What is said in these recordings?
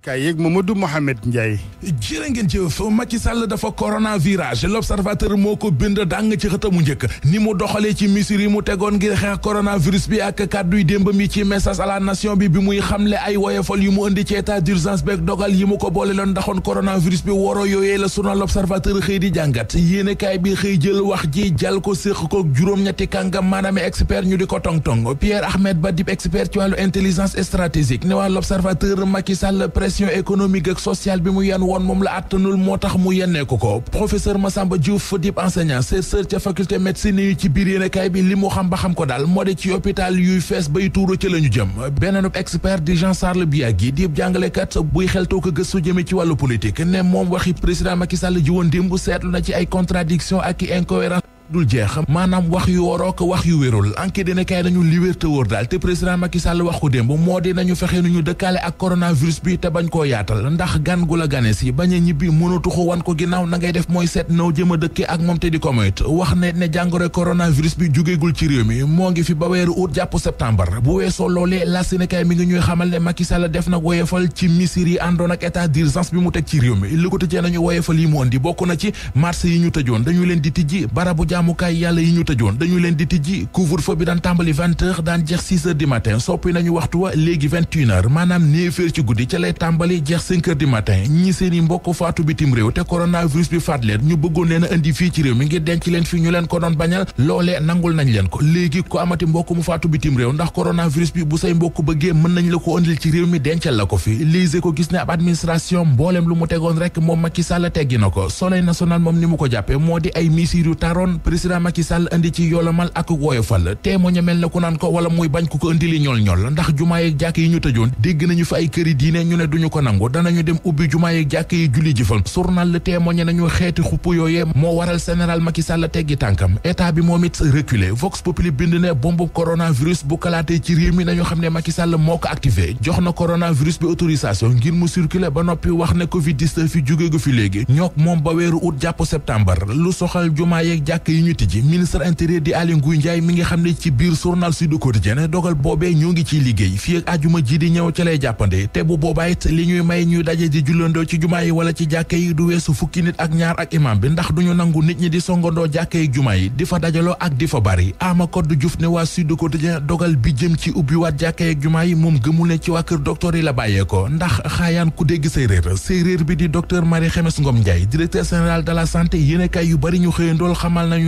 kay yéeg Mamadou Mohamed Ndiaye jërë ngeen jëf Macky Sall dafa corona virage l'observateur moo ko bind dàng ci xëtamu njëkk ni mu doxalee ci mesures yi mu tegoon ngir xeex coronavirus bi ak kàdduy démbam yi ci message à la nation bi bi muy xamle ay woyofal yu mu indi ci état d'urgence beeg dogal yi mu ko boole loon ndaxoon coronavirus bi woro yooyee la suna l'observateur xëy di jàngat yéenekaay bi xëy jël wax ji jal ko séq ko juróom-ñetti kàngam maanaam expert ñu di ko tong-tong Pierre Ahmed pression économique ak sociale bi mu yenn woon moom la àttanul moo tax mu yenneeku ko professeur Massamba Diouf fa dib enseignant chercheur ca faculté médecine yu ci biir yéenekaay bi li mu xam ba xam ko daal moo de ci hôpital yuy fees bay tuuru ca la ñu jëm beneen expert di Jean Charles Biagui dib jàngalekat buy xeltoo ko gëstu jëme ci wàllu politique ne moom waxi président Macky Sall ji woon démb seetlu na ci ay contradiction ak i incohérence dul jeex maanaam wax yu waroo ko wax yu wérul enquête dina kay nañu li wér daal te président Macky wax ko démb moo di nañu fexe nuñu dëkkaale ak coronavirus bi te bañ koo yaatal ndax gan gu la gane si ñibbi mënatu ko wan ko ginnaaw na ngay def mooy seet naw jëm a dëkkee ak moom te di ko moyt wax ne jàngoro coronavirus bi jógeegul ci réew mi moo ngi fi ba weeru août jàpp septembre bu weesoo loolee la Sénégal mi ngi ñuy xamal ne Macky Sall def na woyefal ci misir yi àndoon ak état d'urgence bi mu jaamukaay yàlla yi ñu tëjoon dañu leen di tijji couvre-feu bi daan tàmbali vingt daan jeex six heures matin soppi nañu waxtu wa léegi vingt maanaam néeféer ci guddi ca lay tàmbali jeex cinq heures matin ñi seen i mbokk faatu bitim réew te coronavirus bi faat leen ñu bëggoon leen a fii ci réew mi ngir denc leen fi ñu leen ko doon bañal loolee nangul nañ leen ko léegi ko amati mbokk mu faatu bitim réew ndax coronavirus bi bu say mbokk président Macky Sall indi ci yoolamal ak woyofal téemoña mel na ku naan ko wala muy bañ ku ko indi li ñool ñool ndax jumaa yeeg jàkk yi ñu tëjoon dégg nañu fi ay këri diine ñu ne duñu ko nangu danañu dem ubbi jumaa yeeg jàkk yi julli jëfal journal le téemoña nañu xeeti xupp yooyee moo waral général Macky Sall teggi tànkam état bi moom it reculé vox populi bind ne bombu coronavirus bu kalaatee ci réew mi nañu xam ne Macky Sall moo ko activé jox na coronavirus bi autorisation ngir mu ba noppi wax ne covid 19 fi jóge gu fi léegi ñook moom ba weeru août jàpp septembre lu soxal jumaa yi ñu tijji ministre intérieur di Aly Ngouille Ndiaye mi ngi xam ne ci biir journal Sud Quotidien dogal boobee ñoo ngi ciy liggéey fii ajuma ji di ñëw ca lay jàppande te bu boobaa it li ñuy may ñuy daje di jullandoo ci jumaa yi wala ci jàkke yi du weesu fukki nit ak ñaar ak imam bi ndax duñu nangu nit ñi di songandoo jàkke yi jumaa yi di fa dajaloo ak di fa bari Ama Codou Diouf ne waa Sud Quotidien dogal bi jëm ci ubbiwaat jàkke yi jumaa yi moom gëmul ne ci waa di docteur Marie Xemes Ngom Ndiaye directeur général de la santé yéen kay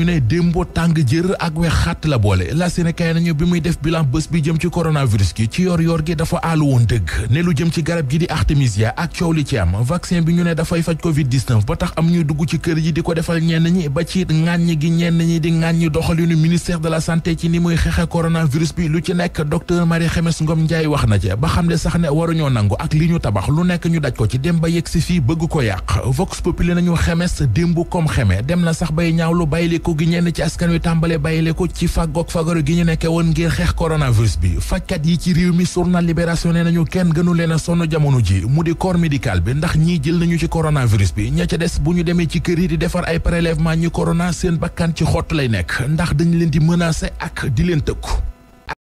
ñu ne démbo tàng jër ak we xàtt la boole la Sénégal nañu bi muy def bilan bés bi jëm ci coronavirus gi ci yor yor gi dafa àllu woon ne lu jëm ci garab gi di artemisia ak coow li ci am vaccin bi ñu ne dafay faj covid ba tax am ñuy dugg ci kër yi di ko defal ñenn ñi ba ci ŋàññ ñi doxalinu ministère de la santé ci ni muy xeexe coronavirus bi lu ci nekk docteur Marie Xemes Ngom Ndiaye wax na ci ba xam ne sax ne waruñoo nangu ak li ñu tabax lu nekk fàggu gi ñenn ci askan wi tàmbale bàyyile ko ci fàggoog fagaru gi ñu nekke woon ngir xeex coronavirus bi fajkat yi ci réew mi journal libération nee nañu kenn gënu leen a sonn jamono ji mu di corps médical bi ndax ñii jël nañu ci coronavirus bi ña ca des bu ñu demee ci kër yi di defar ay prélèvement ñi corona seen bakkan ci xott lay nekk ndax dañu leen di menacer ak di leen tëkku